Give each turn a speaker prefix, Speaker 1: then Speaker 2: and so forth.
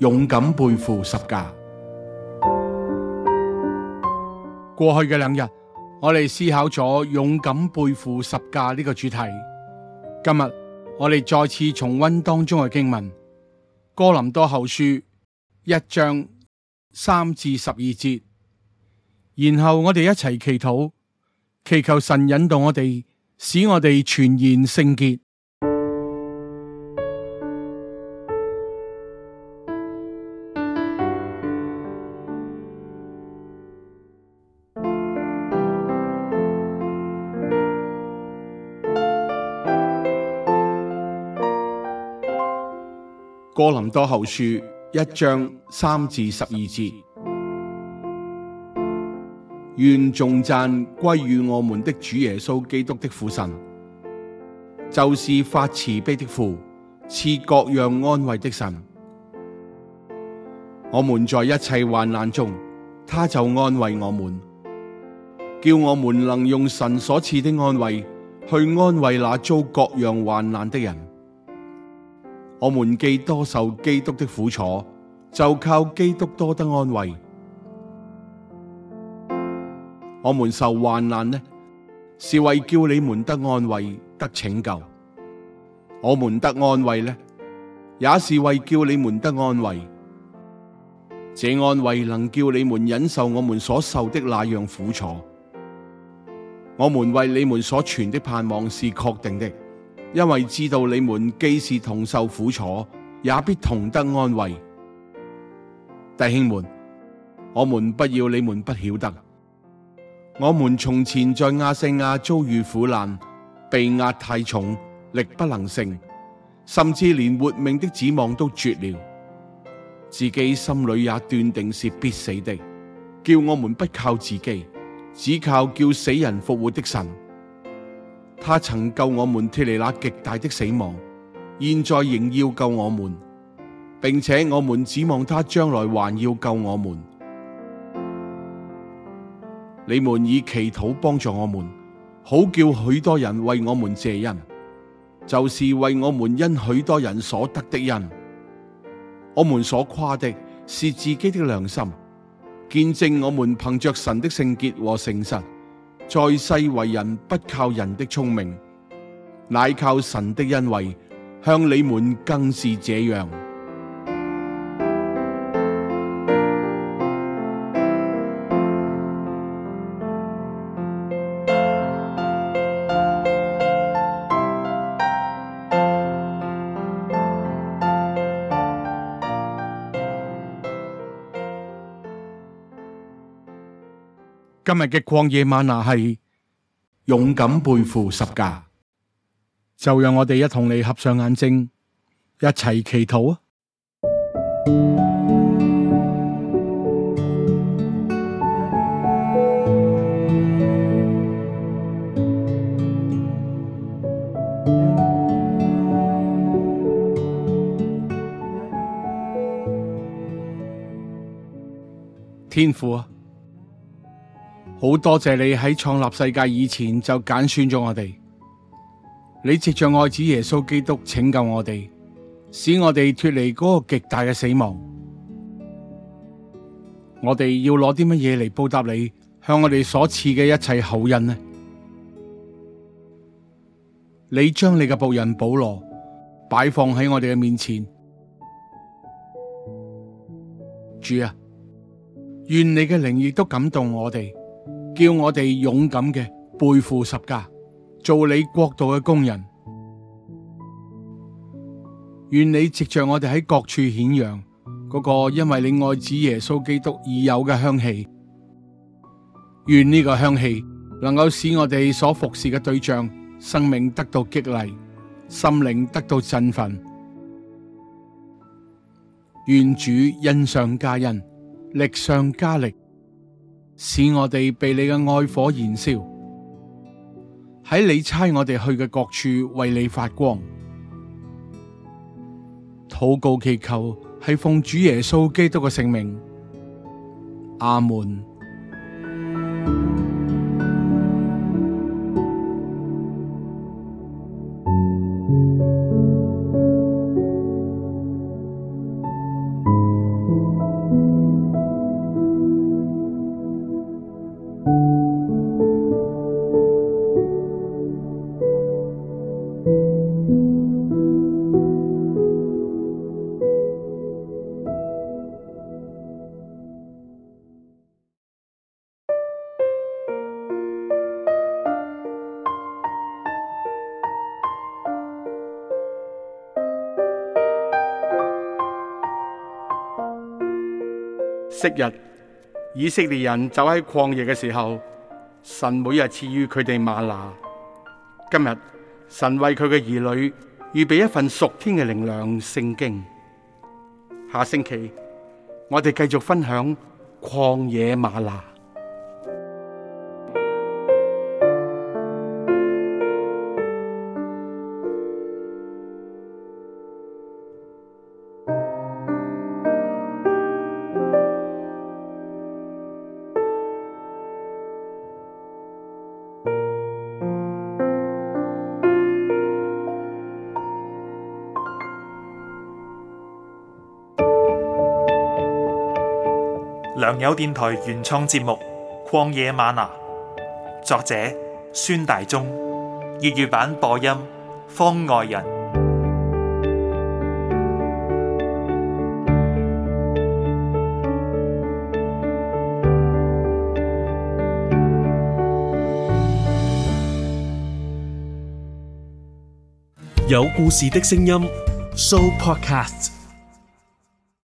Speaker 1: 勇敢背負十架。過去嘅兩日，我哋思考咗勇敢背負十架呢個主題。今日我哋再次重溫當中嘅經文《哥林多後書》一章三至十二節，然後我哋一齊祈禱，祈求神引導我哋，使我哋全然聖潔。哥林多後書一章三至十二節：「願頌讚歸於我們的主耶穌基督的父神，就是發慈悲的父，賜各樣安慰的神。我們在一切患難中，他就安慰我們，叫我們能用神所賜的安慰去安慰那遭各樣患難的人。我們既多受基督的苦楚，就靠基督多得安慰。我們受患難呢，是為叫你們得安慰、得拯救；我們得安慰呢，也是為叫你們得安慰。這安慰能叫你們忍受我們所受的那樣苦楚。我們為你們所存的盼望是確定的。因為知道你們既是同受苦楚，也必同得安慰。弟兄們，我們不要你們不曉得，我們從前在亞細亞遭遇苦難，被壓太重，力不能勝，甚至連活命的指望都絕了，自己心裏也斷定是必死的，叫我們不靠自己，只靠叫死人復活的神。他曾救我們脫離那極大的死亡，現在仍要救我們，並且我們指望他將來還要救我們。你們以祈禱幫助我們，好叫許多人為我們謝恩，就是為我們因許多人所得的恩。我們所誇的是自己的良心，見證我們憑着神的聖潔和誠實。在世為人，不靠人的聰明，乃靠神的恩惠，向你們更是這樣。今日嘅曠野嗎哪係勇敢背負十架，就讓我哋一同你合上眼睛，一齊祈禱啊！天父啊。好多謝，謝你喺創立世界以前就簡算揀選咗我哋，你藉着愛子耶穌基督拯救我哋，使我哋脫離嗰個極大嘅死亡。我哋要攞啲乜嘢嚟報答你，向我哋所賜嘅一切厚恩呢？你將你嘅僕人保羅擺放喺我哋嘅面前，主啊，願你嘅靈亦都感動我哋。叫我哋勇敢嘅背負十架，做你國度嘅工人。願你藉着我哋喺各處顯揚嗰個，因為你愛子耶穌基督已有嘅香氣。願呢個香氣能夠使我哋所服侍嘅對象生命得到激勵，心靈得到振奮。願主恩上加恩，力上加力。使我哋被你嘅愛火燃燒，喺你差我哋去嘅各處為你發光。禱告祈求係奉主耶穌基督嘅聖名，阿門。昔日以色列人走喺曠野嘅時候，神每日賜予佢哋嗎哪。今日神為佢嘅兒女預備一份屬天嘅靈糧聖經。下星期我哋繼續分享曠野嗎哪。良友電台原創節目《曠野嗎哪》，作者孫大中，粵語版播音方外人。有故事的聲音，Show Podcast。